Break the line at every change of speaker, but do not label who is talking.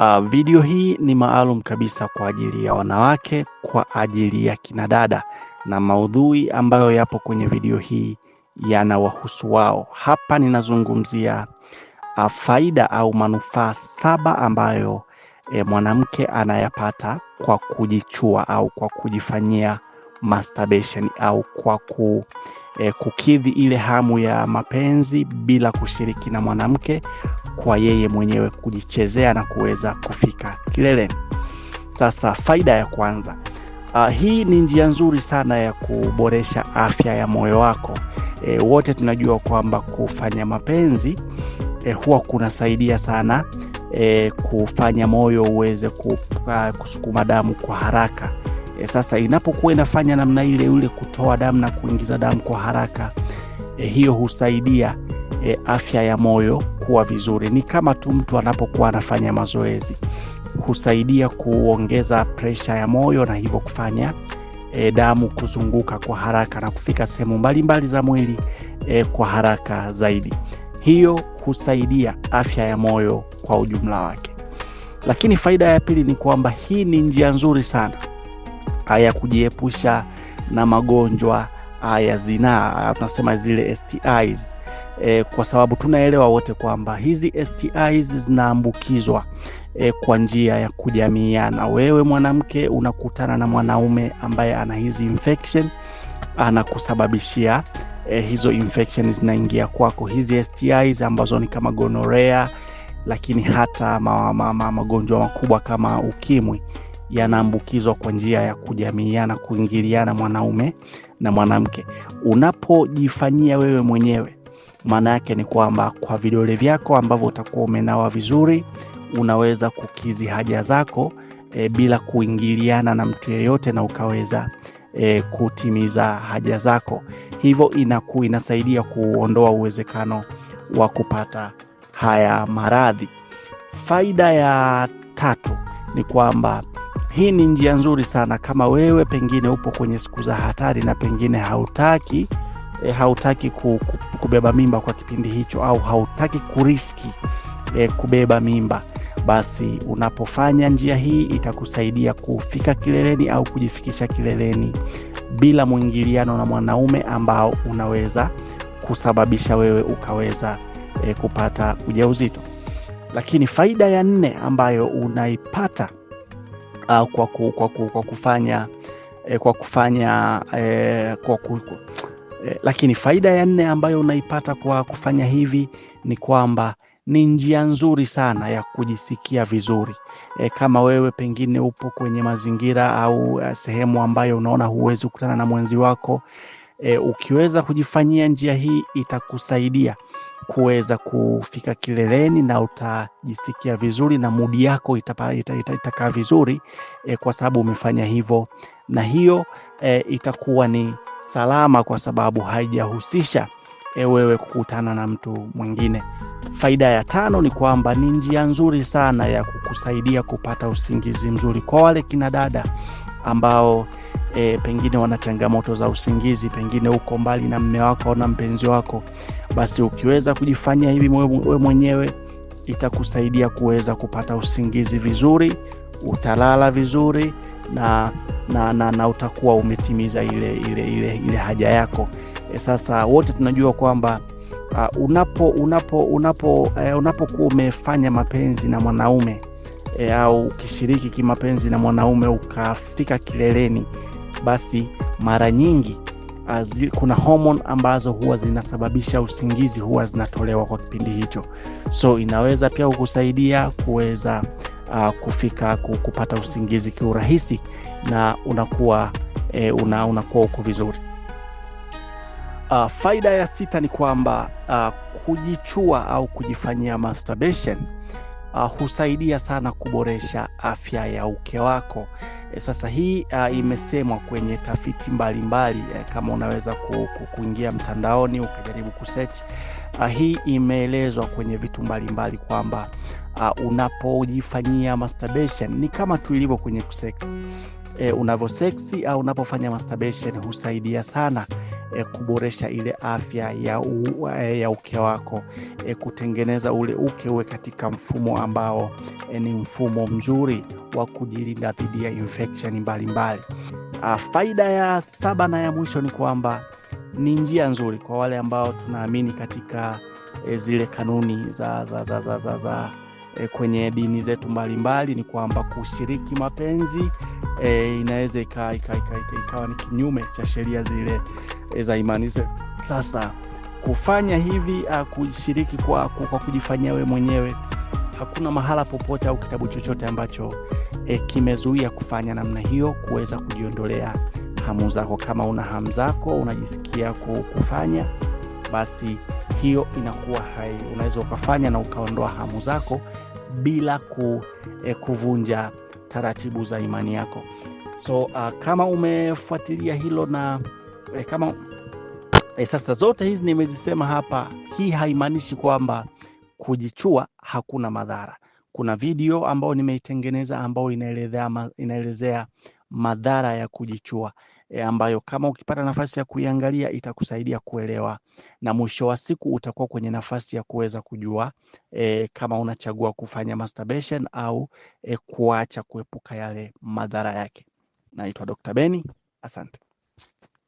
Uh, video hii ni maalum kabisa kwa ajili ya wanawake, kwa ajili ya kinadada, na maudhui ambayo yapo kwenye video hii yanawahusu wao. Hapa ninazungumzia uh, faida au manufaa saba ambayo eh, mwanamke anayapata kwa kujichua au kwa kujifanyia masturbation au kwa ku, eh, kukidhi ile hamu ya mapenzi bila kushiriki na mwanamke kwa yeye mwenyewe kujichezea na kuweza kufika kileleni. Sasa faida ya kwanza, uh, hii ni njia nzuri sana ya kuboresha afya ya moyo wako. E, wote tunajua kwamba kufanya mapenzi e, huwa kunasaidia sana e, kufanya moyo uweze kusukuma damu kwa haraka. E, sasa inapokuwa inafanya namna ile ule kutoa damu na kuingiza damu kwa haraka e, hiyo husaidia e, afya ya moyo kuwa vizuri. Ni kama tu mtu anapokuwa anafanya mazoezi, husaidia kuongeza presha ya moyo na hivyo kufanya e, damu kuzunguka kwa haraka na kufika sehemu mbalimbali za mwili e, kwa haraka zaidi. Hiyo husaidia afya ya moyo kwa ujumla wake. Lakini faida ya pili ni kwamba hii ni njia nzuri sana ya kujiepusha na magonjwa ya zinaa, tunasema zile STIs e, kwa sababu tunaelewa wote kwamba hizi STIs zinaambukizwa e, kwa njia ya kujamiiana. Wewe mwanamke unakutana na mwanaume ambaye ana hizi infection anakusababishia e, hizo infection zinaingia kwako, hizi STIs ambazo ni kama gonorea, lakini hata ma, ma, ma, magonjwa makubwa kama ukimwi yanaambukizwa kwa njia ya kujamiiana, kuingiliana mwanaume na mwanamke. Unapojifanyia wewe mwenyewe, maana yake ni kwamba kwa vidole vyako ambavyo utakuwa umenawa vizuri, unaweza kukizi haja zako e, bila kuingiliana na mtu yeyote na ukaweza e, kutimiza haja zako. Hivyo inaku, inasaidia kuondoa uwezekano wa kupata haya maradhi. Faida ya tatu ni kwamba hii ni njia nzuri sana kama wewe pengine upo kwenye siku za hatari na pengine hautaki e, hautaki ku, ku, kubeba mimba kwa kipindi hicho au hautaki kuriski e, kubeba mimba, basi unapofanya njia hii itakusaidia kufika kileleni au kujifikisha kileleni bila mwingiliano na mwanaume ambao unaweza kusababisha wewe ukaweza e, kupata ujauzito. Lakini faida ya nne ambayo unaipata uh, kwa, ku, kwa, ku, kwa kufanya eh, kwa kufanya eh, kwa ku, eh, lakini faida ya nne ambayo unaipata kwa kufanya hivi ni kwamba ni njia nzuri sana ya kujisikia vizuri. E, kama wewe pengine upo kwenye mazingira au eh, sehemu ambayo unaona huwezi kukutana na mwenzi wako E, ukiweza kujifanyia njia hii itakusaidia kuweza kufika kileleni na utajisikia vizuri na mudi yako itakaa ita, ita, ita vizuri e, kwa sababu umefanya hivyo, na hiyo e, itakuwa ni salama kwa sababu haijahusisha e, wewe kukutana na mtu mwingine. Faida ya tano ni kwamba ni njia nzuri sana ya kukusaidia kupata usingizi mzuri kwa wale kina dada ambao e, pengine wana changamoto za usingizi, pengine uko mbali na mme wako au na mpenzi wako, basi ukiweza kujifanyia hivi wewe mwenyewe itakusaidia kuweza kupata usingizi vizuri, utalala vizuri na, na, na, na utakuwa umetimiza ile, ile, ile, ile haja yako. E, sasa wote tunajua kwamba uh, unapo unapo unapo uh, unapokuwa umefanya mapenzi na mwanaume E, au ukishiriki kimapenzi na mwanaume ukafika kileleni basi mara nyingi Azi, ah, kuna homoni ambazo huwa zinasababisha usingizi huwa zinatolewa kwa kipindi hicho, so inaweza pia kukusaidia kuweza uh, kufika kupata usingizi kiurahisi na unakuwa eh, una, unakuwa uko vizuri. Uh, faida ya sita ni kwamba uh, kujichua au kujifanyia masturbation uh, husaidia sana kuboresha afya ya uke wako Eh, sasa hii uh, imesemwa kwenye tafiti mbalimbali mbali, uh, eh, kama unaweza ku, ku, kuingia mtandaoni ukajaribu kusearch uh, hii imeelezwa kwenye vitu mbalimbali kwamba uh, unapojifanyia masturbation ni kama tu ilivyo kwenye kuseksi. E, eh, unavyoseksi au unapofanya masturbation husaidia sana e, kuboresha ile afya ya, u, e, ya uke wako e, kutengeneza ule uke uwe katika mfumo ambao e, ni mfumo mzuri wa kujilinda dhidi ya infection mbalimbali. Ah, faida ya saba na ya mwisho ni kwamba ni njia nzuri kwa wale ambao tunaamini katika e, zile kanuni za, za, za, za, za, za e, kwenye dini zetu mbalimbali, ni kwamba kushiriki mapenzi e, inaweza ikawa ni kinyume cha sheria zile za imani zetu. Sasa kufanya hivi, ah, kushiriki kwa, kwa kujifanyia wewe mwenyewe, hakuna mahala popote au kitabu chochote ambacho e, kimezuia kufanya namna hiyo, kuweza kujiondolea hamu zako. Kama una hamu zako, unajisikia kufanya, basi hiyo inakuwa hai, unaweza ukafanya na ukaondoa hamu zako bila ku, e, kuvunja taratibu za imani yako. So uh, kama umefuatilia hilo na eh, kama eh, sasa zote hizi nimezisema hapa. Hii haimaanishi kwamba kujichua hakuna madhara. Kuna video ambayo nimeitengeneza ambayo inaelezea ma, inaelezea madhara ya kujichua e, ambayo kama ukipata nafasi ya kuiangalia itakusaidia kuelewa, na mwisho wa siku utakuwa kwenye nafasi ya kuweza kujua e, kama unachagua kufanya masturbation au e, kuacha kuepuka yale madhara yake. Naitwa Dr. Beni, asante.